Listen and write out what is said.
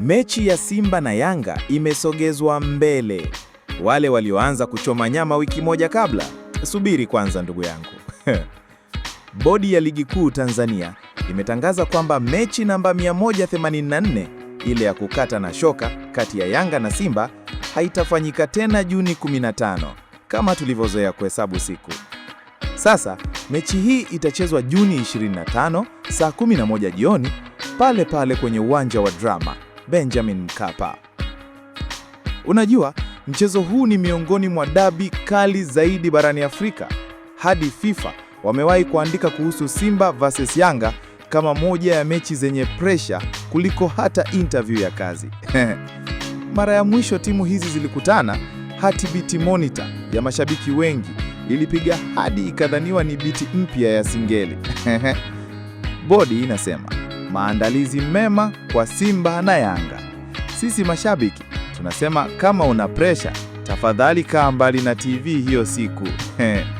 mechi ya Simba na Yanga imesogezwa mbele. Wale walioanza kuchoma nyama wiki moja kabla, subiri kwanza ndugu yangu. Bodi ya Ligi Kuu Tanzania imetangaza kwamba mechi namba 184 ile ya kukata na shoka kati ya Yanga na Simba haitafanyika tena Juni 15 kama tulivyozoea kuhesabu siku. Sasa mechi hii itachezwa Juni 25 saa 11 jioni pale pale kwenye uwanja wa Drama Benjamin Mkapa. Unajua, mchezo huu ni miongoni mwa dabi kali zaidi barani Afrika. Hadi FIFA wamewahi kuandika kuhusu Simba versus Yanga kama moja ya mechi zenye presha kuliko hata interview ya kazi. Mara ya mwisho timu hizi zilikutana, hati biti monitor ya mashabiki wengi ilipiga hadi ikadhaniwa ni biti mpya ya singeli. Bodi inasema maandalizi mema kwa Simba na Yanga. Sisi mashabiki tunasema kama una presha, tafadhali kaa mbali na TV hiyo siku